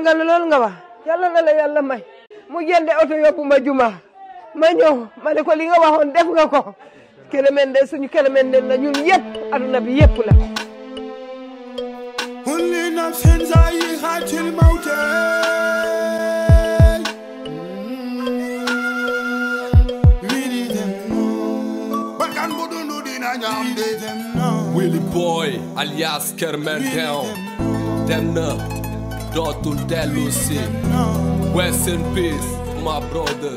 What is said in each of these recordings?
nga loolu nga wax yàlla na la yàlla may mu jënde oto yóbbu ma juma ma ñëw ma ne ko li nga waxoon def nga ko Kélémen de suñu Kélémen de la ñun yëpp aduna bi yëpp la kullu nafsin zaa'iqatul mawt bakkan bu Boy alias Kermen dem Dot will Rest in peace, my brother.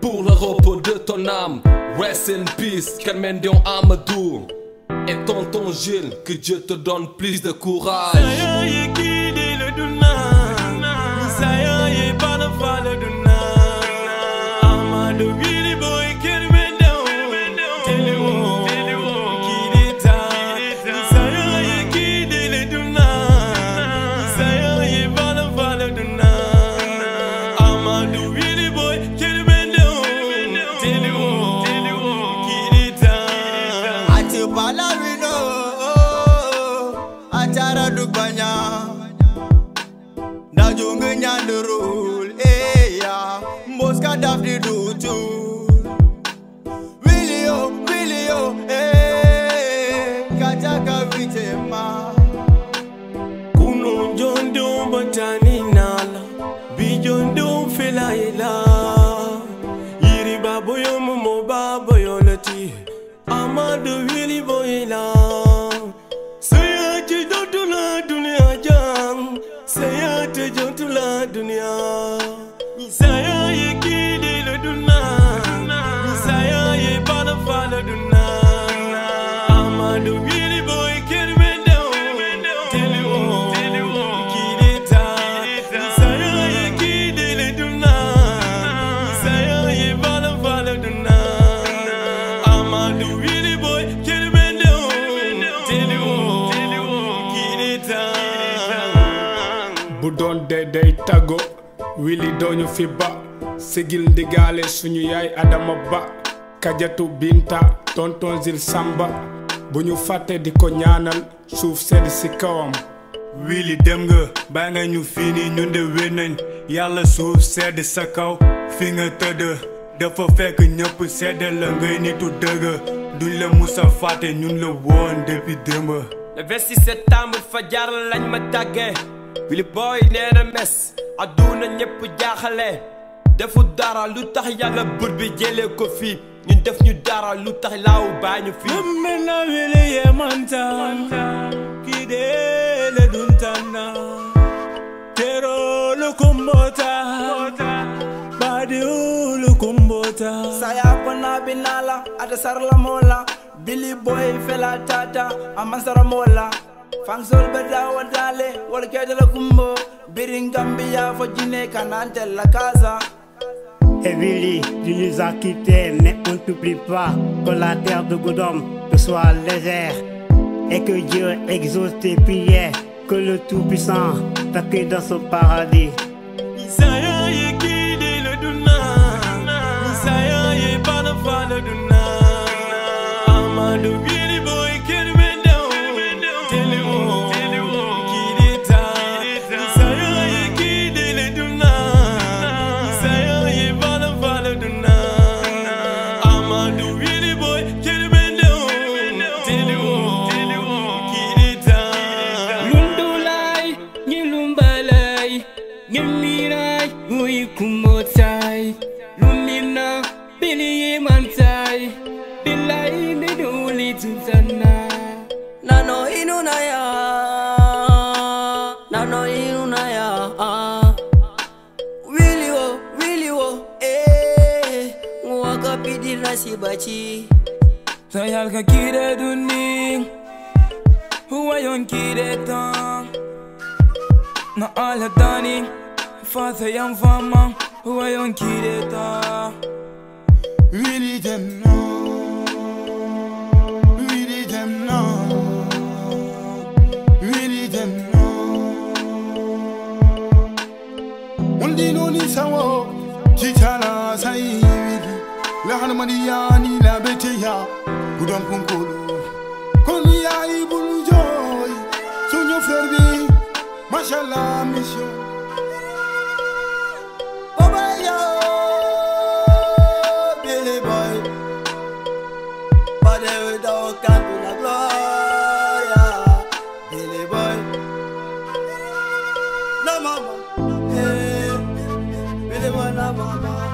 Pour le repos de ton âme, rest in peace, âme Amadou et tonton Gilles, que Dieu te donne plus de courage. du banya Da jungu nyandu rule Eya eh, Moska daf di du tu Willio, Willio Eee eh, Kajaka wite ma Kuno jondum batani nala Bijondum filaila de taggo wili dooñu fi ba sigil ndigaale suñu yaay adama ba kajatu binta tonton sàmba bu ñu fàttee di ko ñaanal suuf sedd ci kawam wili dem nga baa nga ñu fii nii ñun de wér nañ yàlla suuf sedd sa kaw fi nga tëdd dafa fekk ñëpp sedd la ngay nitu dëgg duñ la musa fàtte ñun la woon depuis démb le 26 septembre fa jaar lañ ma tàggee Willy Boy nena mess aduna ñëpp jaaxale defu dara lu tax yàlla bur bi jele ko fi ñun def ñu dara lu tax laaw baa ñu fii. mën na Willy yee mantaan kii dee la duntaan na teroo lu kumboota baadiw lu kumboota. saya kɔnɔ bi naa la a te sari la moo Billy Boy fela tata amasara mola fansol ɓe lawandale wala la kumbo birin gambia fo jine LA casa Et Vili, tu nous as quittés, mais on ne t'oublie pas que la terre de Godom te soit légère et que Dieu exauce tes prières, que le Tout-Puissant t'accueille dans son paradis. Ngemilai, ui kumotai Lumina, pili mantai Bilai niduli tutana Nano inunaya Nano inunaya Wili wo, wili wo, eh Wakapidi nasibachi Sayal ka kire duning Huwa yon kire tang Na ala daning Fazlayan varmam Rayon kireta Really them know Really them know Really them know Undi noni sawo Chichala sayi wili Lahan mariyani la bete ya Gudam kunkolo Koni ya ibulu joy Sunyo ferdi Mashallah mission mama, hey, really wanna mama.